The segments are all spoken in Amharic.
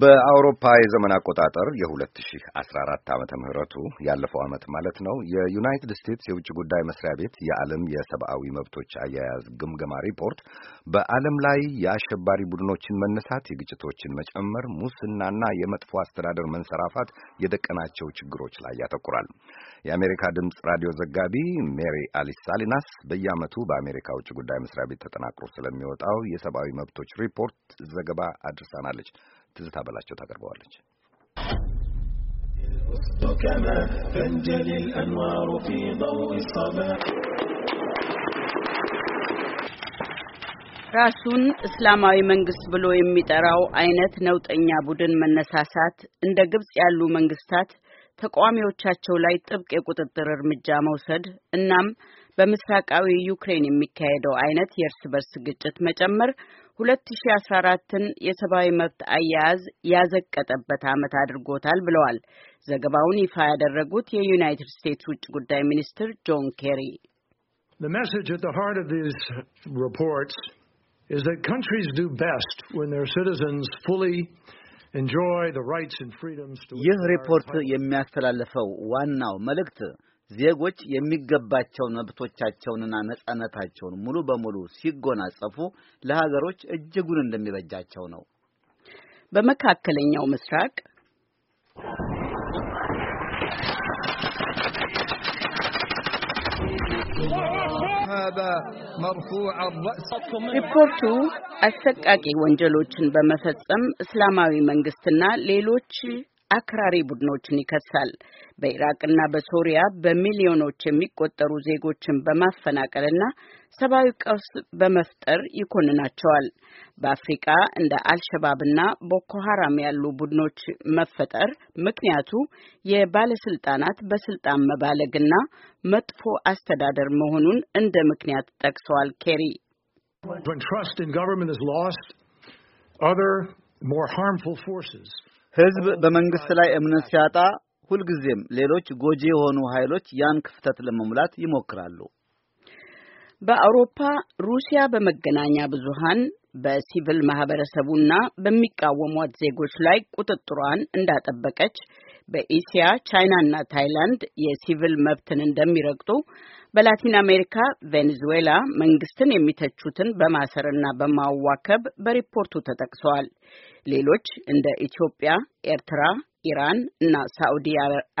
በአውሮፓ የዘመን አቆጣጠር የ2014 ዓመተ ምህረቱ ያለፈው ዓመት ማለት ነው። የዩናይትድ ስቴትስ የውጭ ጉዳይ መስሪያ ቤት የዓለም የሰብአዊ መብቶች አያያዝ ግምገማ ሪፖርት በዓለም ላይ የአሸባሪ ቡድኖችን መነሳት፣ የግጭቶችን መጨመር፣ ሙስናና የመጥፎ አስተዳደር መንሰራፋት የደቀናቸው ችግሮች ላይ ያተኩራል። የአሜሪካ ድምፅ ራዲዮ ዘጋቢ ሜሪ አሊስ ሳሊናስ በየዓመቱ በአሜሪካ ውጭ ጉዳይ መስሪያ ቤት ተጠናቅሮ ስለሚወጣው የሰብአዊ መብቶች ሪፖርት ዘገባ አድርሳናለች። ትዝታ በላቸው ታቀርበዋለች። ራሱን እስላማዊ መንግስት ብሎ የሚጠራው አይነት ነውጠኛ ቡድን መነሳሳት እንደ ግብጽ ያሉ መንግስታት ተቃዋሚዎቻቸው ላይ ጥብቅ የቁጥጥር እርምጃ መውሰድ እናም በምስራቃዊ ዩክሬን የሚካሄደው አይነት የእርስ በርስ ግጭት መጨመር 2014ን የሰብአዊ መብት አያያዝ ያዘቀጠበት ዓመት አድርጎታል ብለዋል። ዘገባውን ይፋ ያደረጉት የዩናይትድ ስቴትስ ውጭ ጉዳይ ሚኒስትር ጆን ኬሪ ይህ ሪፖርት የሚያስተላልፈው ዋናው መልእክት ዜጎች የሚገባቸውን መብቶቻቸውንና ነጻነታቸውን ሙሉ በሙሉ ሲጎናጸፉ ለሀገሮች እጅጉን እንደሚበጃቸው ነው። በመካከለኛው ምስራቅ ሪፖርቱ አሰቃቂ ወንጀሎችን በመፈጸም እስላማዊ መንግስትና ሌሎች አክራሪ ቡድኖችን ይከሳል። በኢራቅና በሶሪያ በሚሊዮኖች የሚቆጠሩ ዜጎችን በማፈናቀልና ሰብአዊ ቀውስ በመፍጠር ይኮንናቸዋል። በአፍሪቃ እንደ አልሸባብና ቦኮ ሀራም ያሉ ቡድኖች መፈጠር ምክንያቱ የባለስልጣናት በስልጣን መባለግና መጥፎ አስተዳደር መሆኑን እንደ ምክንያት ጠቅሰዋል። ኬሪ ህዝብ በመንግስት ላይ እምነት ሲያጣ ሁልጊዜም ሌሎች ጎጂ የሆኑ ኃይሎች ያን ክፍተት ለመሙላት ይሞክራሉ። በአውሮፓ ሩሲያ በመገናኛ ብዙሃን በሲቪል ማህበረሰቡና በሚቃወሟት ዜጎች ላይ ቁጥጥሯን እንዳጠበቀች በኤስያ ቻይናና ታይላንድ የሲቪል መብትን እንደሚረግጡ በላቲን አሜሪካ ቬኔዙዌላ መንግስትን የሚተቹትን በማሰርና በማዋከብ በሪፖርቱ ተጠቅሰዋል። ሌሎች እንደ ኢትዮጵያ፣ ኤርትራ፣ ኢራን እና ሳዑዲ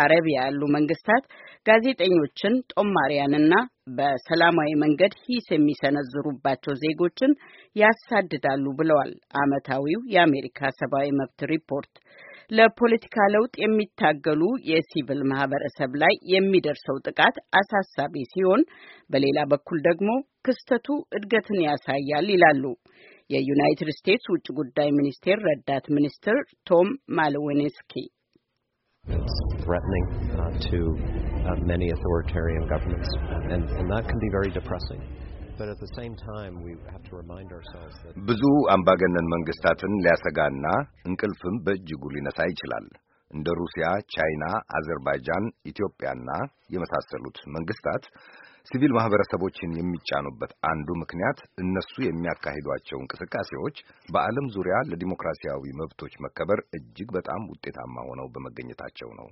አረቢያ ያሉ መንግስታት ጋዜጠኞችን፣ ጦማሪያንና በሰላማዊ መንገድ ሂስ የሚሰነዝሩባቸው ዜጎችን ያሳድዳሉ ብለዋል ዓመታዊው የአሜሪካ ሰብአዊ መብት ሪፖርት። ለፖለቲካ ለውጥ የሚታገሉ የሲቪል ማህበረሰብ ላይ የሚደርሰው ጥቃት አሳሳቢ ሲሆን፣ በሌላ በኩል ደግሞ ክስተቱ እድገትን ያሳያል ይላሉ የዩናይትድ ስቴትስ ውጭ ጉዳይ ሚኒስቴር ረዳት ሚኒስትር ቶም ማልዊንስኪ። ብዙ አምባገነን መንግስታትን ሊያሰጋና እንቅልፍም በእጅጉ ሊነሳ ይችላል። እንደ ሩሲያ፣ ቻይና፣ አዘርባይጃን፣ ኢትዮጵያና የመሳሰሉት መንግስታት ሲቪል ማህበረሰቦችን የሚጫኑበት አንዱ ምክንያት እነሱ የሚያካሂዷቸው እንቅስቃሴዎች በዓለም ዙሪያ ለዲሞክራሲያዊ መብቶች መከበር እጅግ በጣም ውጤታማ ሆነው በመገኘታቸው ነው።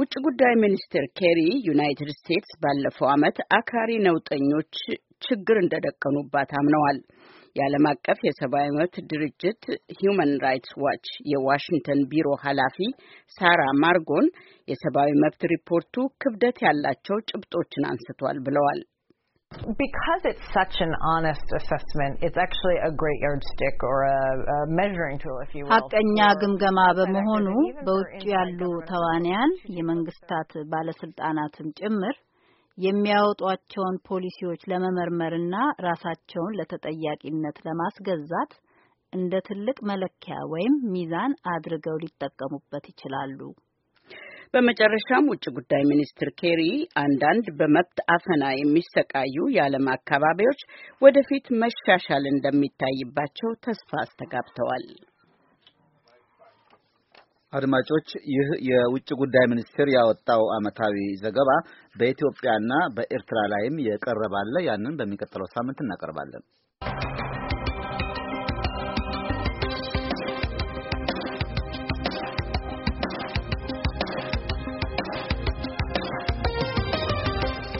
ውጭ ጉዳይ ሚኒስትር ኬሪ ዩናይትድ ስቴትስ ባለፈው ዓመት አክራሪ ነውጠኞች ችግር እንደደቀኑባት አምነዋል። የዓለም አቀፍ የሰብአዊ መብት ድርጅት ሂዩማን ራይትስ ዋች የዋሽንግተን ቢሮ ኃላፊ ሳራ ማርጎን የሰብአዊ መብት ሪፖርቱ ክብደት ያላቸው ጭብጦችን አንስቷል ብለዋል። Because it's such an honest assessment, it's actually a great yardstick or a, a measuring tool, if you will. ሀቀኛ ግምገማ በመሆኑ በውጭ ያሉ ተዋንያን የመንግስታት ባለስልጣናትም ጭምር የሚያወጧቸውን ፖሊሲዎች ለመመርመርና ራሳቸውን ለተጠያቂነት ለማስገዛት እንደ ትልቅ መለኪያ ወይም ሚዛን አድርገው ሊጠቀሙበት ይችላሉ። በመጨረሻም ውጭ ጉዳይ ሚኒስትር ኬሪ አንዳንድ በመብት አፈና የሚሰቃዩ የዓለም አካባቢዎች ወደፊት መሻሻል እንደሚታይባቸው ተስፋ አስተጋብተዋል። አድማጮች፣ ይህ የውጭ ጉዳይ ሚኒስቴር ያወጣው ዓመታዊ ዘገባ በኢትዮጵያና በኤርትራ ላይም የቀረባለ ያንን በሚቀጥለው ሳምንት እናቀርባለን።